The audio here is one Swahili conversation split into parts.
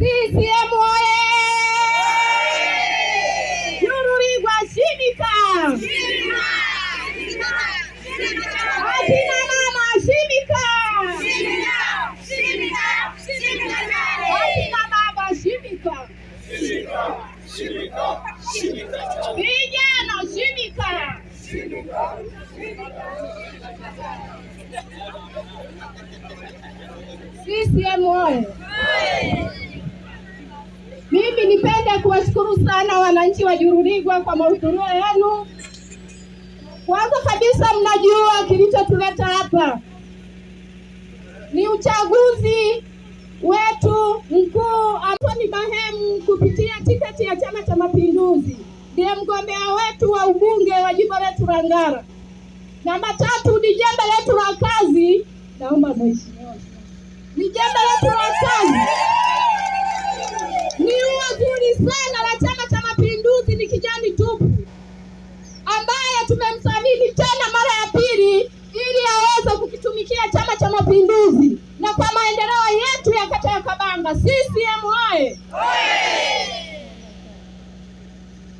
CCM oye! Nyuruligwa shimika! Akina mama shimika! Akina baba shimika! Vijana shimika! CCM oye! mimi nipende kuwashukuru sana wananchi wa Jururigwa kwa mahudhurio yenu. Kwanza kabisa, mnajua kilichotuleta hapa ni uchaguzi wetu mkuu Antony Mahemu kupitia tiketi ya Chama cha Mapinduzi ndiye mgombea wetu wa ubunge wa jimbo letu la Ngara. Namba tatu ni jembe letu la kazi, naomba mheshimiwa, ni jembe letu la kazi Sela la Chama cha Mapinduzi ni kijani tupu, ambaye tumemsajili tena mara ya pili ili aweze kukitumikia Chama cha Mapinduzi na kwa maendeleo yetu ya kata ya Kabanga. CCM oye!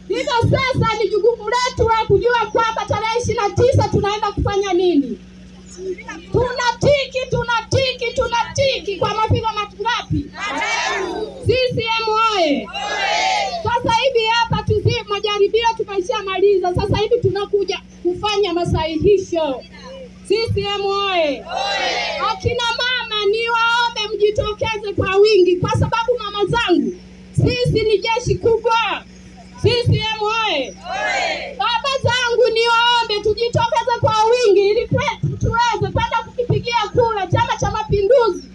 Hivyo sasa ni jukumu letu la kujua kwamba tarehe ishirini na tisa tunaenda kufanya nini. Tunatiki, tunatiki, tunatiki kwa masahihisho. CCM oye! Akina mama niwaombe mjitokeze kwa wingi, kwa sababu mama zangu, sisi ni jeshi kubwa. CCM oye! Baba zangu niwaombe tujitokeze kwa wingi ili tuweze kwenda kukipigia kura Chama cha Mapinduzi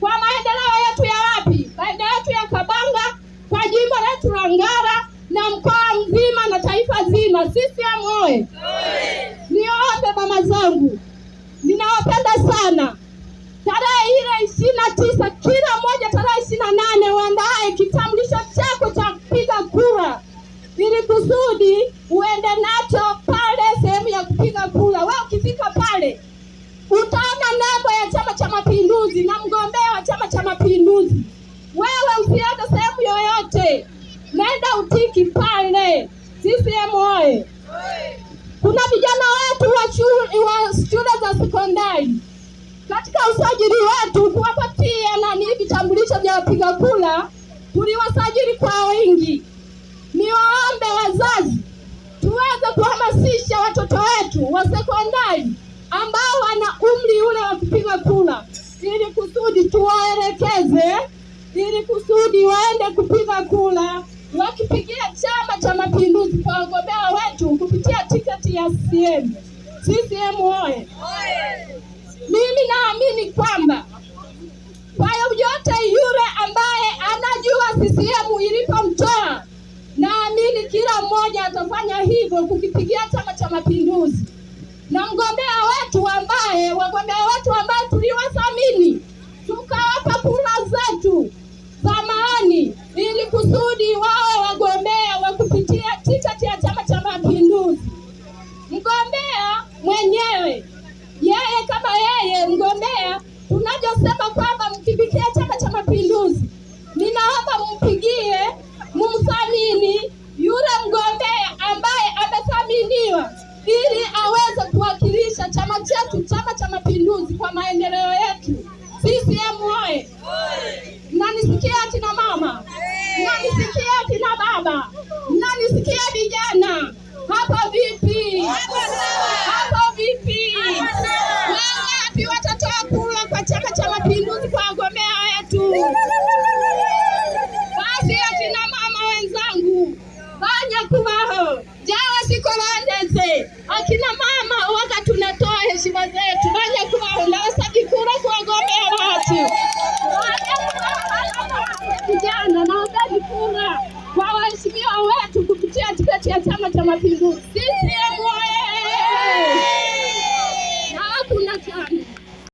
kwa maendeleo yetu ya wapi, maendeleo yetu ya Kabanga, kwa jimbo letu la Ngara na mkoa mzima na taifa zima. CCM oye! zangu, ninawapenda sana. Tarehe ile ishirini na tisa kila mmoja, tarehe ishirini na nane waandaye kitambulisho chako cha kupiga kura, ili kusudi uende nacho pale sehemu ya kupiga kura. Wewe ukifika pale utaona nembo ya Chama cha Mapinduzi na mgombea wa Chama cha Mapinduzi. Wewe usiende sehemu yoyote, nenda utiki pale. CCM oye! Kuna vijana wetu wa katika usajili wetu kuwapatia nani vitambulisho vya wapiga kura, tuliwasajili kwa wingi. Niwaombe wazazi, tuweze kuhamasisha watoto wetu wa sekondari ambao wana umri ule wa kupiga kura, ili kusudi tuwaelekeze, ili kusudi waende kupiga kura wakipigia Chama cha Mapinduzi kwa wagombea wetu kupitia tiketi ya CCM. CCM oye! Mimi naamini kwamba kwa yoyote yule ambaye anajua CCM ilipomtoa, naamini kila mmoja atafanya hivyo kukipigia Chama cha Mapinduzi na mgombea wetu ambaye wagombea wetu ambao tuliwathamini Eh, mgombea tunavyosema kwamba mkipitia Chama cha Mapinduzi, ninaomba mpigie mumthamini yule mgombea ambaye amethaminiwa ili aweze kuwakilisha chama chetu, Chama cha Mapinduzi, kwa maendeleo yetu. CCM oye! Mnanisikia akina mama? Mnanisikia akina Mheshimiwa wetu kupitia tiketi ya Chama cha Mapinduzi sisi